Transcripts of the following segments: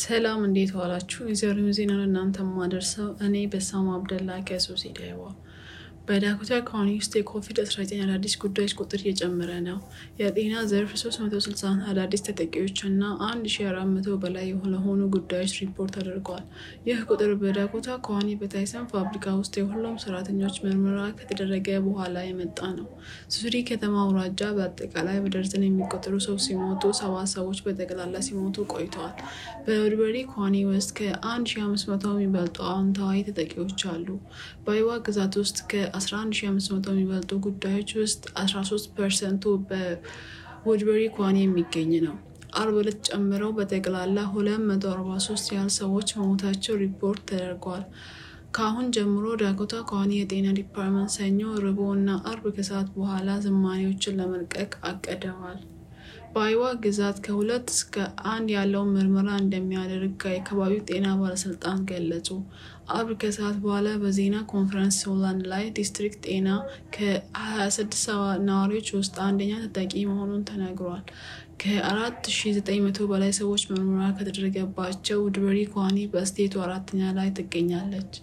ሰላም እንዴት ዋላችሁ? የዛሬውን ዜና ለእናንተ ማደርሰው እኔ በሳማ አብደላ ከሶሲዳይዋ በዳኮታ ካውንቲ ውስጥ የኮቪድ-19 አዳዲስ ጉዳዮች ቁጥር እየጨመረ ነው። የጤና ዘርፍ 360 አዳዲስ ተጠቂዎች እና 1400 በላይ የሆኑ ጉዳዮች ሪፖርት አድርጓል። ይህ ቁጥር በዳኮታ ካውንቲ በታይሰን ፋብሪካ ውስጥ የሁሉም ሰራተኞች ምርመራ ከተደረገ በኋላ የመጣ ነው። ሱሪ ከተማ አውራጃ በአጠቃላይ በደርዘን የሚቆጠሩ ሰው ሲሞቱ፣ ሰባት ሰዎች በጠቅላላ ሲሞቱ ቆይተዋል። በወድበሪ ካውንቲ ውስጥ ከ1500 የሚበልጡ አዎንታዊ ተጠቂዎች አሉ። በአይዋ ግዛት ውስጥ ከ 11500 የሚበልጡ ጉዳዮች ውስጥ 13 ፐርሰንቱ በውድበሪ ኳኒ የሚገኝ ነው። አርብ ዕለት ጨምረው በጠቅላላ 243 ያህል ሰዎች መሞታቸው ሪፖርት ተደርጓል። ከአሁን ጀምሮ ዳኮታ ከዋኒ የጤና ዲፓርትመንት ሰኞ፣ ረቡዕ እና አርብ ከሰዓት በኋላ ዝማኔዎችን ለመልቀቅ አቅደዋል። በአይዋ ግዛት ከሁለት እስከ አንድ ያለውን ምርመራ እንደሚያደርግ የአካባቢው ጤና ባለስልጣን ገለጹ። አብር ከሰዓት በኋላ በዜና ኮንፈረንስ ሆላንድ ላይ ዲስትሪክት ጤና ከ26 ነዋሪዎች ውስጥ አንደኛ ተጠቂ መሆኑን ተነግሯል። ከ4900 በላይ ሰዎች ምርመራ ከተደረገባቸው ድበሪ ኳኒ በስቴቱ አራተኛ ላይ ትገኛለች።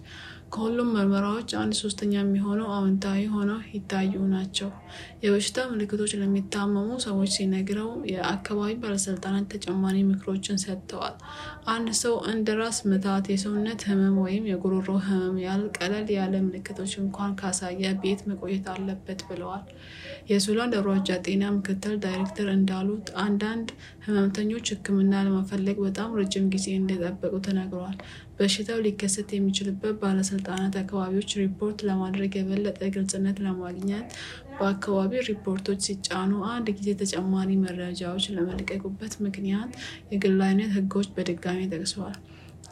ከሁሉም ምርመራዎች አንድ ሶስተኛ የሚሆነው አዎንታዊ ሆነው ይታዩ ናቸው። የበሽታ ምልክቶች ለሚታመሙ ሰዎች ሲነግረው የአካባቢ ባለስልጣናት ተጨማሪ ምክሮችን ሰጥተዋል። አንድ ሰው እንደ ራስ ምታት፣ የሰውነት ህመም ወይም የጉሮሮ ህመም ያል ቀለል ያለ ምልክቶች እንኳን ካሳየ ቤት መቆየት አለበት ብለዋል። የሱዳን ደብረ ጤና ምክትል ዳይሬክተር እንዳሉት አንዳንድ ህመምተኞች ሕክምና ለመፈለግ በጣም ረጅም ጊዜ እንደጠበቁ ተነግሯል። በሽታው ሊከሰት የሚችልበት ባለስልጣ ባለስልጣናት አካባቢዎች ሪፖርት ለማድረግ የበለጠ ግልጽነት ለማግኘት በአካባቢ ሪፖርቶች ሲጫኑ አንድ ጊዜ ተጨማሪ መረጃዎች ለመለቀቁበት ምክንያት የግላዊነት ህጎች በድጋሚ ጠቅሰዋል።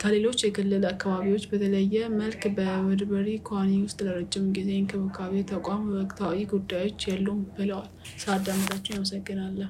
ከሌሎች የክልል አካባቢዎች በተለየ መልክ በወድበሪ ኳኒ ውስጥ ለረጅም ጊዜ እንክብካቤ ተቋም ወቅታዊ ጉዳዮች የሉም ብለዋል። ሳዳመጣችሁ አመሰግናለሁ።